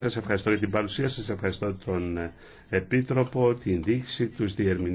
Σας ευχαριστώ για την παρουσία σας, ευχαριστώ τον ε, Επίτροπο, την δείξη, τους διερμηνείς.